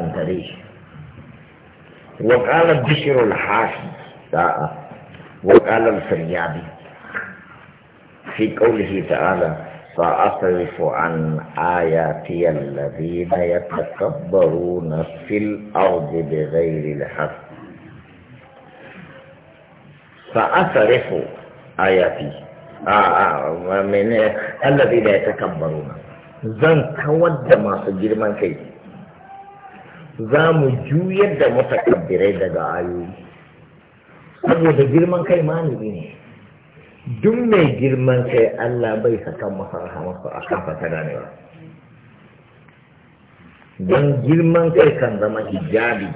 الدريش وقال بشر الحاشم وقال الفريابي في قوله تعالى سأصرف عن آياتي الذين يتكبرون في الأرض بغير الحق سأصرف آياتي آه، آه، من الذين يتكبرون زن كود ما سجل من كيف za mu juyar da mutakabbirai daga ayoyi saboda girman kai malami ne duk mai girman kai Allah bai saka masa rahamarsa a kan fata ganewa don girman kai kan zama hijabi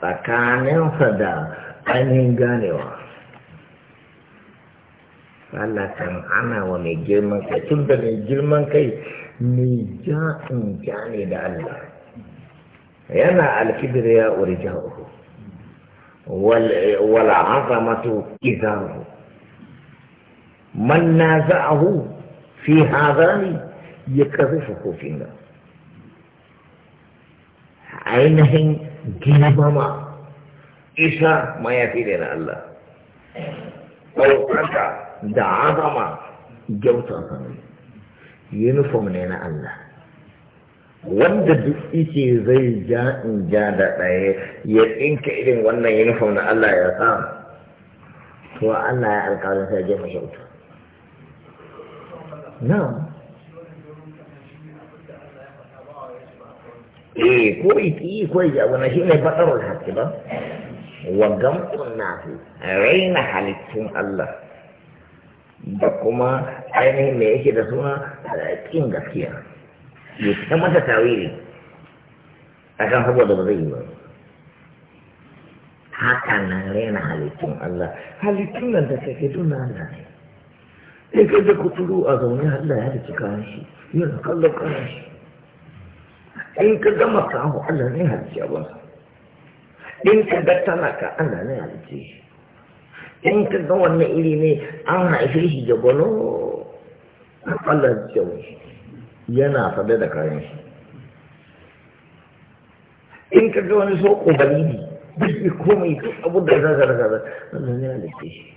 tsakaninsa da ainihin ganewa Allah kan ana wa mai girman kai tun da mai girman kai mai ja'in ja ne da Allah ينا الكبرياء رجاؤه والعظمة إزاره من نازعه في هذان يكذفه في النار عينهم جنبما إشاء ما يأتي لنا الله ويقرأ دعاظما جوتا ينفهم لنا الله wanda duk ice zai ja in ja da ɗaya ya ɗinka irin wannan uniform na Allah ya sa to Allah ya alƙawarin sai jefa shauta. na eh ko yi ko ya wani shi ne batarul haqqi ba wa gamtun nafi raina halittun Allah da kuma ainihin me yake da suna kin gaskiya ya ta masa tawili a kan saboda ba zai yi ba haka nan rena halittun Allah halittun nan da take duna Allah ne sai kai da kuturu a zaune Allah ya halicci kayan shi yana kallon kayan shi in ka gama kawo Allah ne halicci abin in ka ga talaka Allah ne halicci shi in ka ga wannan iri ne an haife shi jagwalo Allah ya halicci yana sade da kayan shi in ka ga wani so ƙobari ne duk komai duk abu da za ka da wannan da shi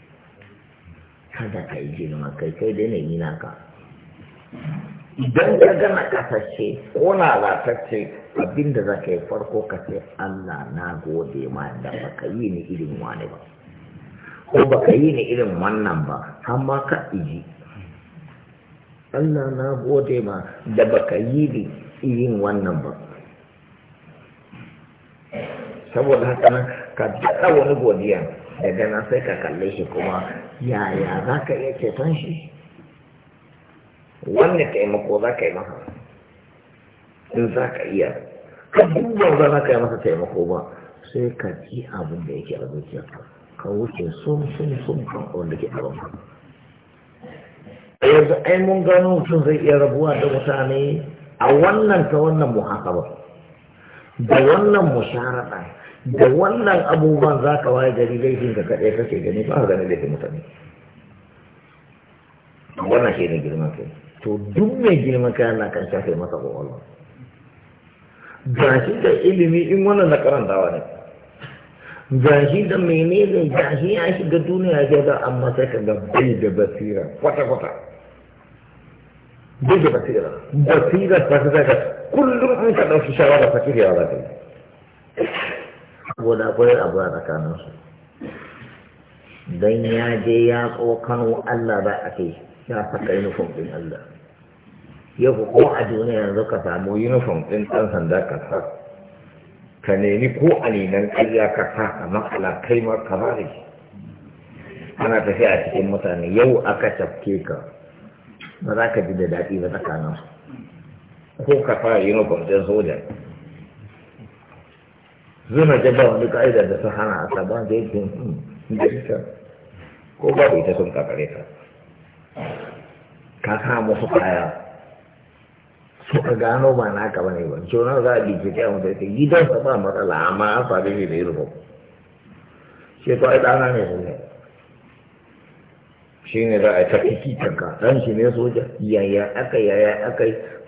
kada ka yi ma kai kai da na ka. idan ka gana kasashe ko lalatacce abinda za ka yi farko ka ce Allah na gode ma da ba ka yi ni irin wani ba ko ba ka yi ni irin wannan ba amma ka iji Allah na gode ma da baka yi ni yin wannan ba saboda haka nan ka daɗa wani godiya daga nan sai ka kalle shi kuma yaya za ka iya ceton shi wannan taimako za ka yi masa in za ka iya ka duba ba za ka yi masa taimako ba sai ka ji abin da yake a ka wuce sun sun sun kan wanda ke a yanzu ai mun gano mutum zai iya rabuwa da mutane a wannan ta wannan muhasaba da wannan musharaɗa da wannan abubuwan za ka waye gari laifin ka kaɗai kake gani ba gani laifin mutane wannan shi ne girman kai to duk mai girman kai na kan shafe masa ƙwaƙwalwa ga shi da ilimi in wannan na karantawa ne gashi da menene gashi ya shiga duniya ya da amma sai ka ga bai da basira kwata-kwata bai da basira basira ta fi zaka kullum an ka ɗauki shawara ta kiriya za ta yi saboda akwai abu a tsakanin su dan ya je ya tsokan Allah ba a kai ya saka uniform din Allah fi ko a duniya yanzu ka samu uniform din ɗan sanda ka sa ka nemi ko alinan ƙarya ka sa a matsala kai ma ka bari ana tafiya a cikin mutane yau aka cafke ka ba za ka ji da daɗi ba tsakanin ko ka fara yi makwabcin soja zuna ba wani ka'idar da sun hana a saba da yake ko babu ita sun kakare ka ka sa musu kaya suka gano ba na ka bane ba so na za a bincike a mutai gidan ka ba matsala amma an faru ne da ya rubo shi to ai dana ne ne shi ne za a ta kiki tanka dan shi ne soja yaya aka yaya aka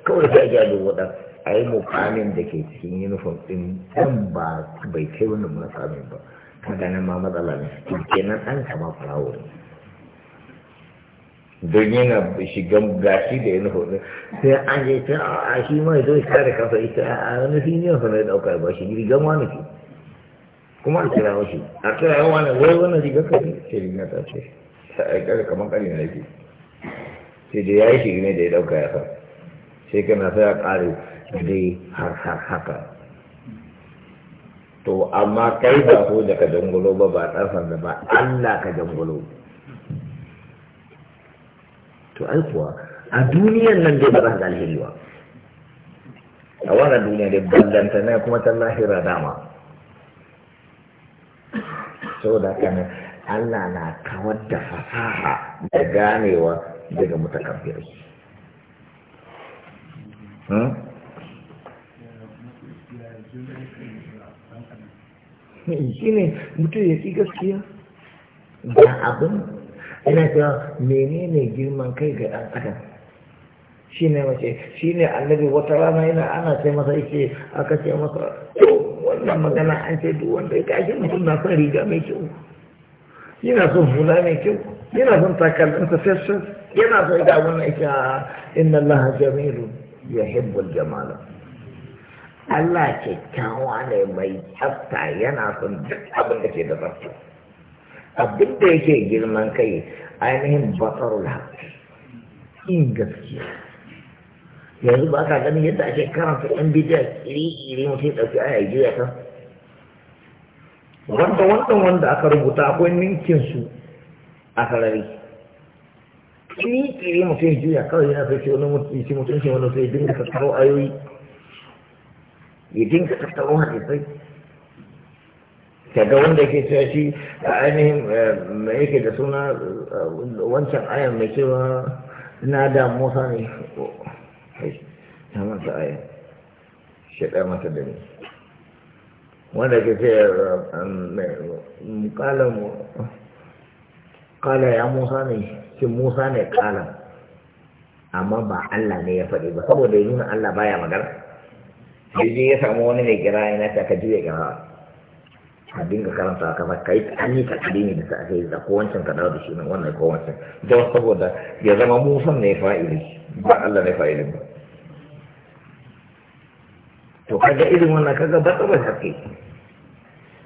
kawai sai ya dubo a ai mukamin da ke cikin uniform ɗin dan ba bai kai wani mukamin ba ta ganin ma matsala ne kenan an kama fara ne don yana shigan gashi da yana hudu sai an yi ta a shi ma ya zo ya kare kafa ita a wani fiye sa na ya dauka ba shi rigan wani ke kuma a kira wasu a kira yawan wani wai wani riga ka ce rigar ta ce ta aikar kamar kari na yake sai da ya yi shigi ne da ya dauka ya sa sai kana sai a kare dai har har haka to amma kai ba so da ka dangulo ba ba ɗan da ba Allah ka dangulo aikuwa a duniyan nan dai ba za ka alheri ba a wannan duniya dai ballanta kuma ta lahira dama saboda haka ne Allah na kawar da fasaha da ganewa daga mutakabbirai hmm? shi ne mutum ya ƙi gaskiya ba abin ina cewa menene girman kai ga ɗan adam shi ne mace shi ne annabi wata rana yana ana ce masa yake aka ce masa wannan magana an ce duk wanda ya kashi mutum na son riga mai kyau yana son hula mai kyau yana son ta tafiyarsa yana son ga wannan yake a inna allaha jamilu ya hibbul jamala Allah kyakkyawa ne mai tsafta yana son duk abin da ke da tsafta abin da yake girman kai ainihin batsarul haƙƙi in gaskiya yanzu ba ka ganin yadda ake karanta yan bidiyar iri-iri mutum ɗauki aya jiya ta wanda wanda wanda aka rubuta akwai ninkin su a sarari iri-iri mutum juya kawai yana sai wani mutum shi mutum shi wani sai dinga tattaro ayoyi ya dinga tattaro hadisai kaga wanda ke cewa shi a ainihin eh, mai yake da suna eh, wancan ayan mai cewa na da musa ne ta oh, mata ayan shaɗa mata da ni wanda ke ce kala eh, mm, kala ya musa ne shi musa ne kala amma ba Allah ne ya faɗi ba saboda ya nuna Allah baya magana. Jirgin ya samu wani mai kira yana ta ka juya kira a dinga karanta a kasa kai an yi takadimi da ta da ko wancan ka da shi nan wannan ko wancan don saboda ya zama musan ne fa'ili ba Allah ne fa'ilin ba to kaga irin wannan kaga ba ta ba take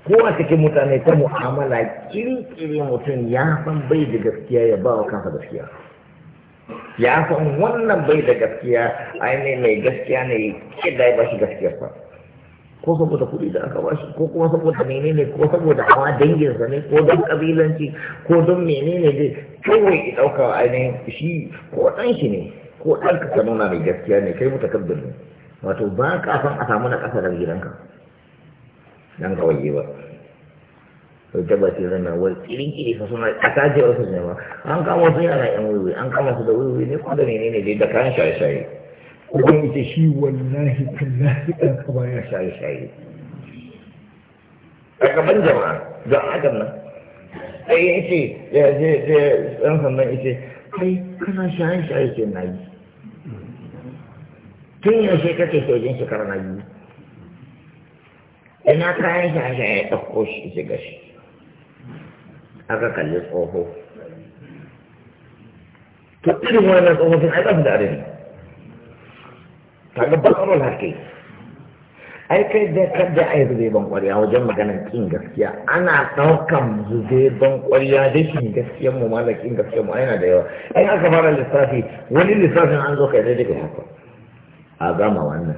ko a cikin mutane ta mu'amala kirkiri mutum ya san bai da gaskiya ya ba wa kansa gaskiya ya san wannan bai da gaskiya ainihin mai gaskiya ne ya ba shi gaskiya fa. ko saboda kuɗi da aka bashi ko kuma saboda menene ko saboda hawa danginsa ne ko don kabilanci ko don menene dai kawai ya ɗauka ainihin shi ko ɗan shi ne ko ɗan ka nuna mai gaskiya ne kai mutakabbir ne wato ba ka san a samu na ƙasa daga gidanka dan kawai ba to tabbaci zana wai irin kiri fa suna ta je wasu ne ba an kama su yana yan wiwi an kama su da wiwi ne ko da menene dai da kayan shaye-shaye uban ita shi wallahi tallahi ɗan ka baya shaye-shaye a gaban jama'a ga adam nan sai ya ce ya je ya ɗan sannan ya ce kai kana shaye-shaye ce na yi tun yaushe kake sojin shekara na biyu ina kayan shaye-shaye ya ɗauko shi ya shiga shi aka kalli tsoho to irin wannan tsoho sun aika da arewa kaga bakarul haƙi ai kai da kada ai ban ƙwarya wajen maganar kin gaskiya ana ɗaukan ban ƙwarya da kin gaskiyar mu malakin gaskiya mu aina da yawa ai aka fara lissafi wani lissafin an zo kai zai daga haka a gama wannan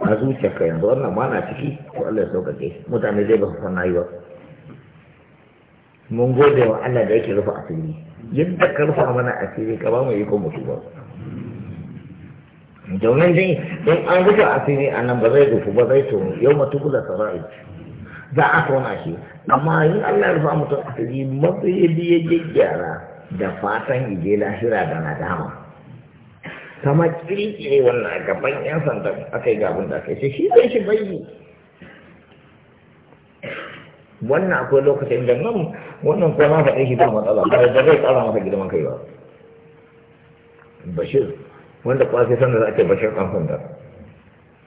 a ka yanzu wannan ma na ciki ko Allah ya sauƙaƙe mutane zai ba su san ba mun gode wa Allah da yake rufe asiri yadda ka rufa mana asiri ka ba mu iko mutu ba domin dai in an rufe asiri a nan ba zai rufu ba zai tono yau matuku da sarari za a tona shi amma yin allah ya rufa mutum asiri matsayi biye gyara da fatan ije lahira da nadama kama kirkire wannan gaban yan sanda aka yi gabin da aka yi shi zai shi bayi wannan akwai lokacin da nan wannan kuma faɗin shi ba matsala ba da zai tsara masa girman kai ba bashir wanda kwafi sanda za a ke bashir ɗan sanda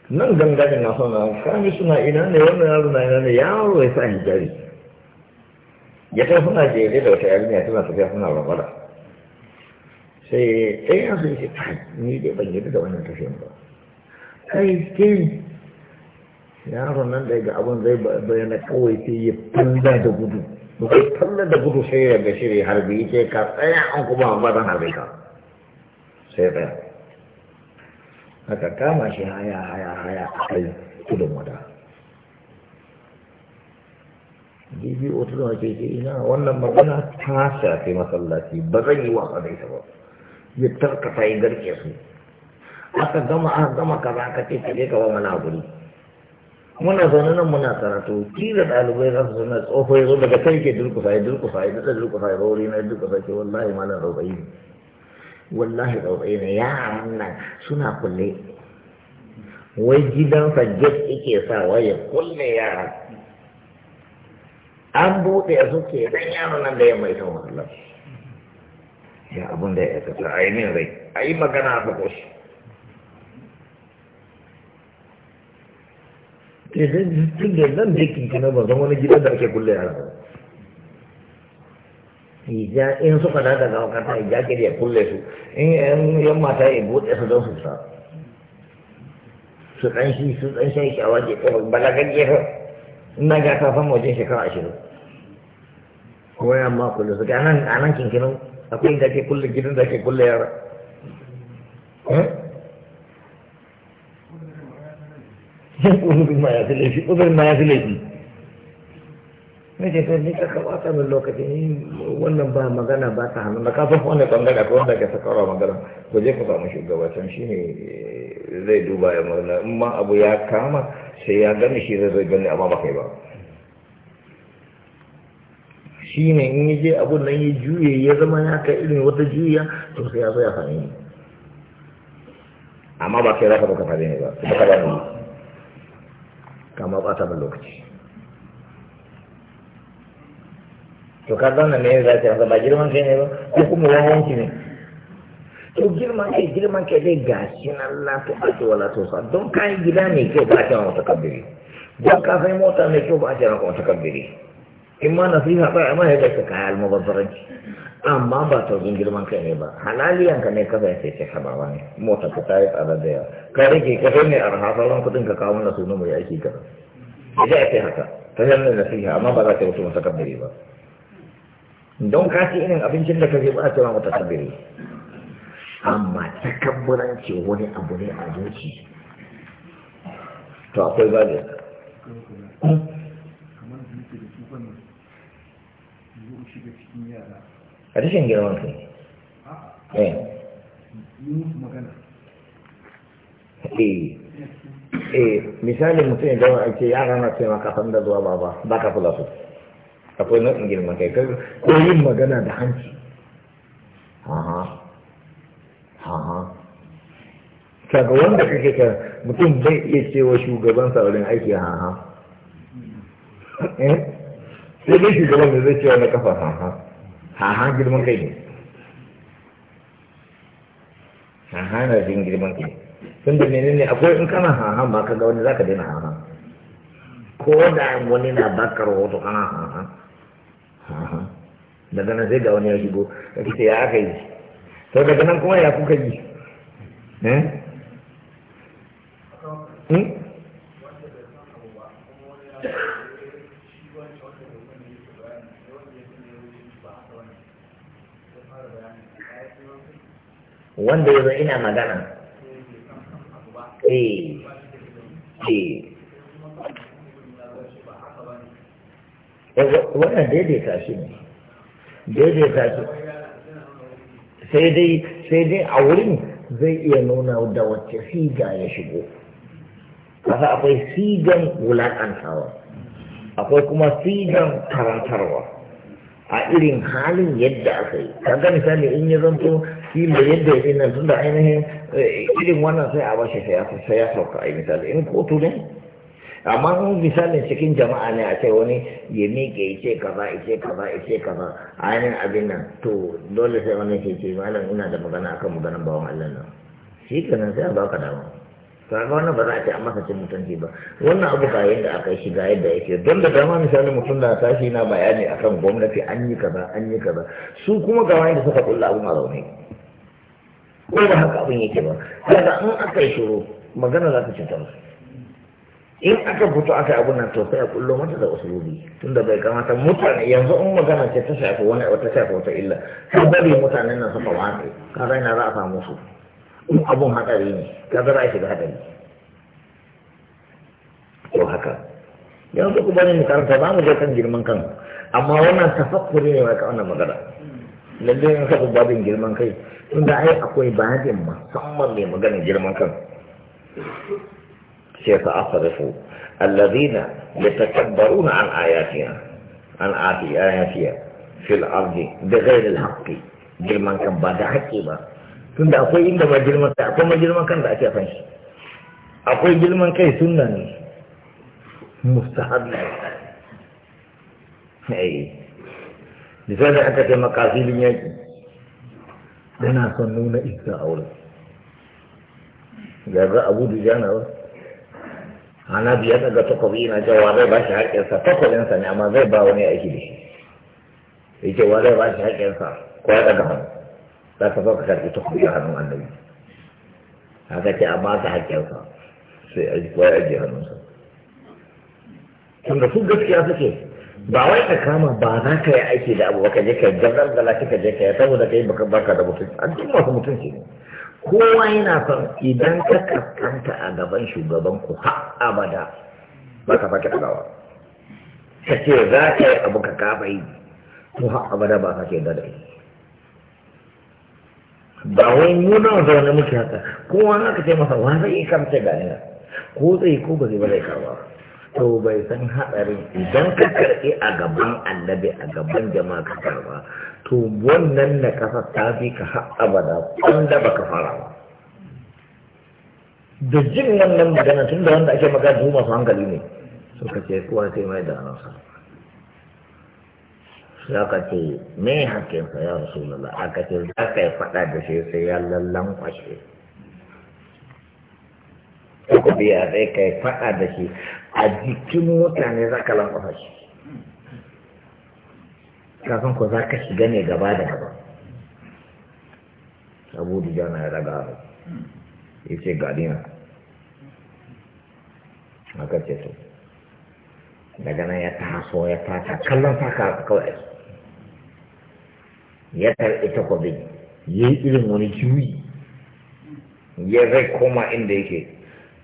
nan gangajin na sanda kami suna ina ne wannan yaro na ina ne yaro ya sa hijabi ya kai suna jere da wata yarinya suna tafiya suna rabara sai ɗaya ya su yake kai ni da ban yi da wannan tafiyan ba ai ke yaro nan da ga abin zai bayyana kawai sai ya fanda da gudu ba talla da gudu sai ya ga shirya harbi ya ce ka tsaya an kuma ba zan harbe ka sai tsaya aka kama shi haya haya haya a kai tudun wada jibi otu da wake ke? ina wannan magana ta shafi masallaci ba zan yi wasa da ita ba ya tarkata yi garke su aka gama an gama kaza ka ce ka je ka ba mana guri muna zaune nan muna karatu kira ɗalibai za su zauna tsoho ya zo daga kai ke durkusa ya durkusa ya daɗa durkusa ya rauri na durkusa ke wallahi malam rautsayi ne wallahi ɗauɗai ne yaran nan suna kulle wai gidansa jet ike sa waye kulle yaran an buɗe su ke dan yaron nan da ya mai son wasallam ya abin da ya aikata a yi min rai a yi magana a sako shi ke tun da nan jikin kanu ba zan wani gidan da ake kulle yaran ija in suka da daga wakanta ija gari ya kulle su in yan mata ya buɗe su don su sa su ɗan shi su ɗan shi a waje ɗaya balagan gefe ina ga wajen shekara ashirin kuma ya ma kulle su ga nan a nan kinkirin akwai da ke kulle gidan da ke kulle yara eh? uzurin ma ya fi laifi ya fi laifi na ce sai ka kamata min ni wannan ba magana ba ta hannu na kafin wani bangare ko wanda ka sakawa magana ko je ka samu shugabacin shi ne zai duba ya murna in ma abu ya kama sai ya gani shi zai zai gani amma ba kai ba shi ne in yi je abun nan ya juye ya zama ya kai irin wata juya to sai ya zo ya sami amma ba kai za ka zo ka ba kama ba ta min lokaci to ka zauna me za ka masa ba girman kai ne ba ko kuma wawanci ne to girman kai girman kai dai gashi na la to a ce wala to sa don kayan gida ne kyau ba a ce wata kabiri don ka sai mota ne kyau ba a ce wata kabiri in ma nasiha ba amma ya dace kaya almubazzaranci amma ba ta zun girman kai ne ba halaliyan ka ne ka zai sai sai ba ne mota ka tayi a da daya ka rage ka sai ne arha sauran kudin ka kawo na sunan mai aiki kaza idan ake haka ta yanzu nasiha amma ba za ta mutu masa kabiri ba don kasi irin abincin da ka je ba cewa mata sabiri amma ce wani abu ne a zuci to akwai ba da a rashin girman eh. su eh eh misali mutum ya gawa ake yara na taimaka san da zuwa baba ba ka kula su akwai nau'in girman kai ko yin magana da hanci ha ha kaga wanda kake ka mutum zai iya cewa shugaban sa wurin aiki ha ha eh? sai dai shugaban ne zai cewa na kafa ha ha ha girman kai ne ha ha na jin girman kai tun da menene akwai in kana ha ha ba kaga wani zaka daina ha ha ko da wani na bakar wato ana daga nan sai ga wani ya shigo ka ce ya aka yi to daga nan kuma ya kuka yi eh? hmm? wanda ya ina magana eh eh wannan daidaita shi ne daidaita shi sai dai sai dai a wurin zai iya nuna da wacce siga ya shigo kasa akwai sigan wulaƙantawa akwai kuma sigan karantarwa a irin halin yadda aka yi ga misali in ya zanto shi da yadda ya fi nan tun ainihin eh, irin wannan sai a bashi sai ya sauka a yi misali in kotu ne amma misalin cikin jama'a ne a ce wani ya miƙe ya ce kaza ya ce kaza ya ce kaza ainihin abin nan to dole sai wani ke ce malam ina da magana akan maganan bawan Allah nan shi kenan sai a baka dama kaga wannan ba za a ce an masa cin mutunci ba wannan abu ga yadda aka yi shiga yadda yake don da dama misalin mutum na tashi na bayani akan gwamnati an yi kaza an yi kaza su kuma ga wani da suka kulla abu a zaune ko ba haka abin yake ba kaga in aka yi shiru magana za ta cutar su in aka fito aka yi abun nan to sai a kullo mata da usulobi tunda bai kamata mutane yanzu in magana ce ta shafi wani abu ta shafi wata illa ka bari mutanen nan suka wace ka raina za a samu su in abun haɗari ne ka za a shiga haɗari. to haka yanzu ku bani mu karanta za mu je kan girman kan amma wannan tafakkuri ne mai wannan magana lalle in ka babin girman kai tunda ai akwai babin musamman mai magana girman kan سيتعصرفوا الذين يتكبرون عن آياتنا عن آياتنا في الأرض بغير الحق جرمان كان بعد حقيبة تند أقوي إن دبا جرمان أقوي جرمان كان بأتي أفنش أقوي جرمان كي سنة مستحب أي لذلك حتى كما قاسيل يجي لنا صنون إذا أولا لا أبو دجانا ana biya daga takobi na cewa zai ba shi haƙƙinsa takobinsa ne amma zai ba wani aiki da shi ya ce wa zai ba shi haƙƙinsa ko ya daga hannu za ka zo ka karɓi takobi a hannun annabi haka ce a ba haƙƙinsa sai a ji ya ajiye hannunsa tunda su gaskiya suke ba wai ka kama ba za ka yi aiki da abu ba ka je ka jagar da lafi ka je ka yi saboda ka yi baka da mutunci a duk masu mutunci ne kowa yana son idan ka kaskanta a gaban shugaban ku ha abada ba ka fata gawa ka ce za ka yi abu ka kafa yi to ha abada ba ka ke da yi ba wai muna zaune muke haka kowa haka ce masa wa zai yi kamce ga yana ko zai ko ba zai ba zai kawo to bai san hadarin idan ka karɓi a gaban annabi a gaban jama'a ka karɓa to wannan na kasa ta fi ka haɓa da wanda baka fara ba da jin wannan magana tun da wanda ake magana su masu hankali ne suka ce kuwa sai mai da anasa Ya ka ce me hakinsa ya rasu a kace ce za ka yi faɗa da shi sai ya lallan kwashe ko biya sai kai fada faɗa da shi a jikin mutane za ka lankwasa shi kafin ku za ka shiga ne gaba da gaba abu da jana ya raga ya ce gadina a kace to daga nan ya taso ya fata kallon faka kawai ya karɓi takwabin ya yi irin wani juyi ya zai koma inda yake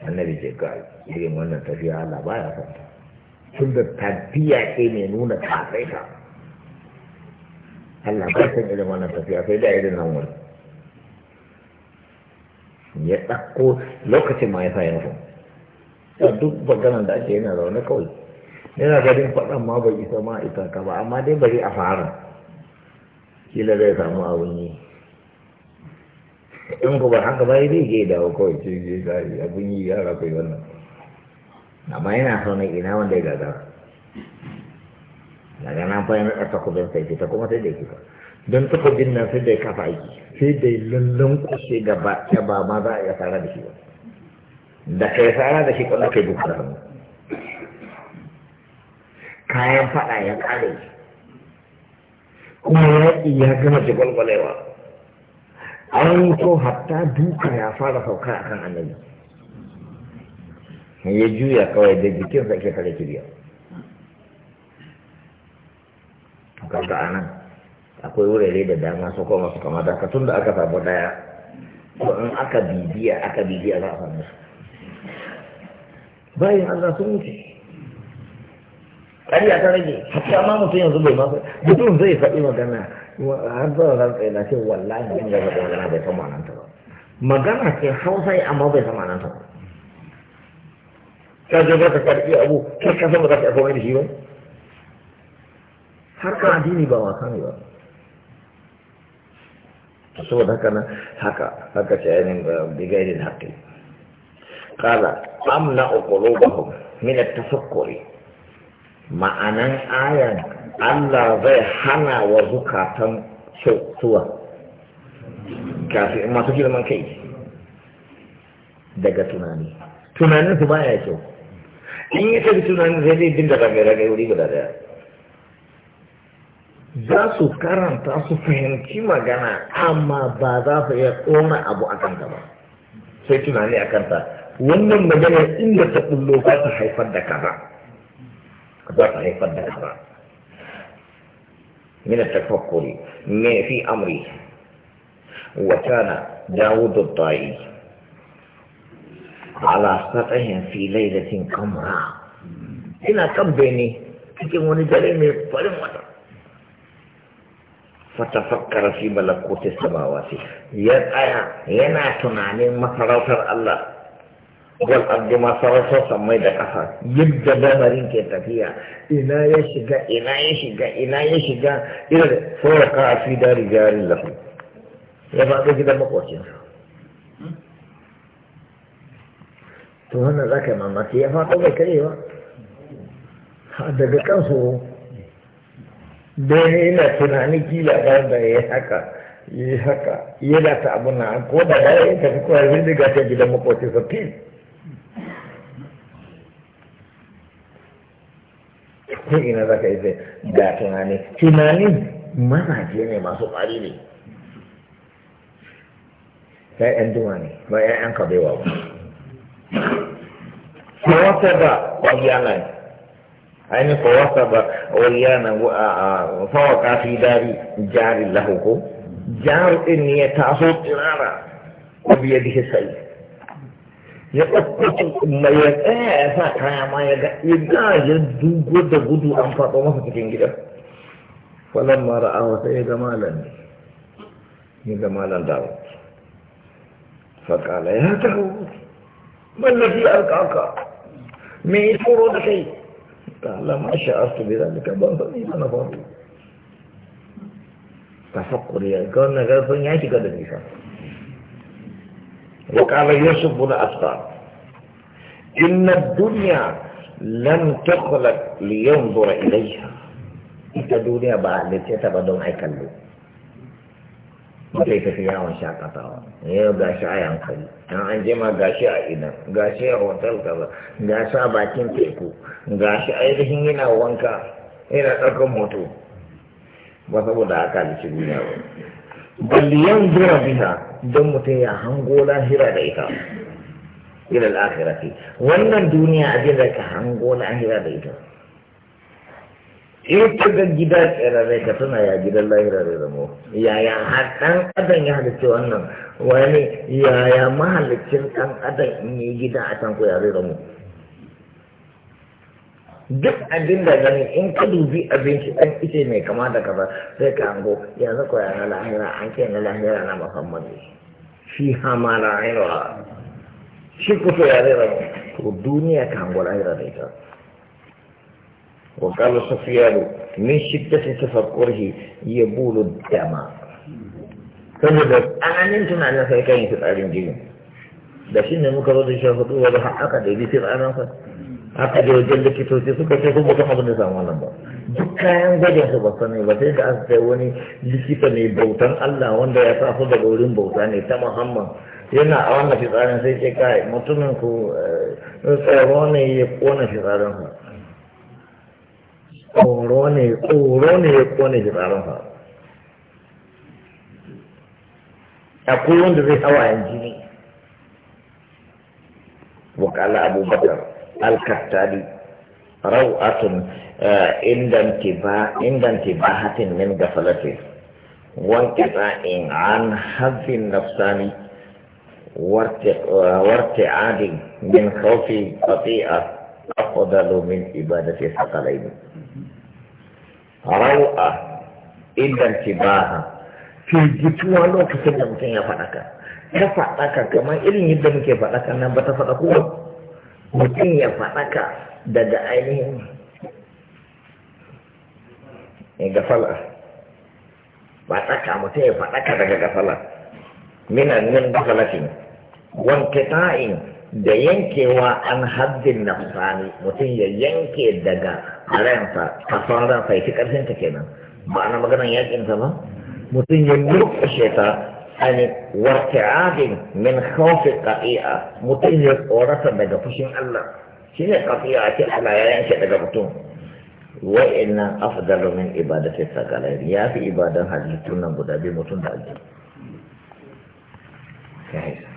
annabi ce ga irin wannan tafiya Allah baya santa tun da tafiya ce mai nuna tafaita Allah ba san irin wannan tafiya sai da irin nan wani ya ɗauko lokacin ma ya sa yanzu a duk maganar da ake yana zaune kawai yana ganin faɗan ma bai isa ma isa ka ba amma dai bari a fara kila zai samu abin yi in ku ba haka ba zai je dawo kawai ce zai gari abin yi ya kai wannan amma yana sauna ina wanda ya gagara daga nan fa yana takobin sai fita kuma sai dai fita don takobin nan sai dai kafa aiki sai dai lallan kushe gaba ya ba ma za a iya tsara da shi ba da kai tsara da shi ka kai duka da hannu kayan fada ya kare kuma yaƙi ya gama jigwalgwalewa an yi so hatta duka ya fara sauka akan annabi ya juya kawai da jikinsa ke kare kiriya ga nan akwai wurare da dama su koma su kama da tun da aka samu daya to in aka bibiya aka bibiya za a samu su bayan Allah sun wuce ƙarya ta rage hatta ma mutum yanzu bai masu mutum zai faɗi magana har zuwa ran tsaye na ce wallahi mutum zai faɗi magana bai san ta ba magana ce hausa amma bai san ta ba ka je ba ka karɓi abu kai ka san ba za ka iya komai da shi ba harka addini ba wasa ne ba saboda haka nan haka haka ce ainihin eh, bigairin haƙi ƙala amna uqulubahum min at-tafakkuri ma'anan ayan Allah zai hana wa zukatan tsuwa. kafin masu girman kai daga tunani tunanin su baya kyau in yi tafi tunanin zai dinda rage-rage wuri guda daya za su karanta su fahimci magana amma ba za su iya ƙona abu a kanta ba sai tunani a kanta wannan magana inda ta ɓullo za ta haifar da kaza za ta haifar da kaza mina tafakkuri me fi amri Wata na, watana dawud da'i ala filai da lailatin kamara. ina kan bene cikin wani dare mai farin wata فتفكر في ملكوت السماوات يا آية، ينا تنانين مسرات الله والأرض مسرات سمي دكها يبدا دمرين كتفيا إلا يشجع إلا يشجع إلا يشجع إلى فوقع في دار جار له يا بعد كده مقوتين to wannan za ka ما ya faɗo bai kare ba don ina tunani kila bayan da ya haka yi haka ta abu na ko da ya yi tafi kawai zai daga ta gidan makwacin sa fi ko ina za ka yi zai ga tunani tunani mazaje ne masu ƙwari ne sai yan ne ba yan kabewa ba. ne. أني فوصب أوليانا آه، آه، فوقع في داري جار له جار إني تأخذ قرارا وبيده سيد يقول ما يتأثى كما يدعى يدوك ودبوك أنفاق وما فتكين كده فلما رأى وسيد مالا يد مالا داوت فقال يا تقول ما الذي ألقاك من يشعر ودكيه لما شعرت بذلك بنظري أنا فاضي تفكر يا كون غير يعيش كذا النساء وقال يوسف بن أسقر إن الدنيا لم تخلق لينظر إليها إذا الدنيا بعد بدون أي كلمة muka yi tafi yawon shakatawa yau ga shi a yankari an an jima ga shi a ina ga shi a hotel kaza ga shi a bakin teku ga shi ainihin yana wanka yana ɗaukar moto ba saboda haka da shi duniya ba balliyan zuwa biha don mutum ya hango lahira da ita ila al'akhirati wannan duniya abin da ka hango lahira da ita in ka ga gida tsirarrai ka tana ya gidan lahira da mu. yaya har ɗan adam ya halicci wannan wani yaya mahalicin ɗan adam in yi gida a can ko ya zai duk abin da gani in ka dubi abinci ɗan ice mai kama da kaza sai ka hango yanzu ko na lahira an ce na lahira na muhammadu' ne shi hama lahira shi kusa ya zai mu to duniya ka hango lahira da ita وقال سفيان من شدة تفكره يبول الدم saboda tsananin tunanin sai kan yi fitsarin jini da shi ne muka zo da shi hudu wani aka ɗaiɗi fitsarin sa aka je wajen likitoci suka ce kuma kan abin da samu wannan ba duk kayan gwajin su ba sani ba sai da aka wani likita mai bautan Allah wanda ya taso daga wurin bauta ne ta Muhammad yana a wannan fitsarin sai ce kai mutumin ku tsaro ne ya kona fitsarin sa tsoro ne tsoro ne ya kone ji tsarin sa akwai wanda zai hawa yan jini wakala abubakar alkattali rau'atun eh, inganta ba hatin min ga wanke in an hafin nafsani warte eh, adin min kawfi kafi a min ibadate sakalai rau'a idan tibaha firgituwa lokacin da mutum ya faɗaka ya faɗaka kamar irin yadda muke faɗaka nan ba ta faɗa kuma mutum ya faɗaka daga ainihin gafala faɗaka mutum ya faɗaka daga gafala minan nan gafalatin wankita'in da yankewa an haddin nafsani mutum ya yanke daga ransa kafan ransa ya fi karfin ta kenan ba ana maganar yakin ta ba mutum ya murkushe ta ani warti'adin min khawfi qati'a mutum ya tsorata daga fushin Allah shine a ce Allah ya yanke daga mutum wa inna afdalu min ibadati sakalai ya fi ibadan hajji tunan guda biyu mutum da aljanna kai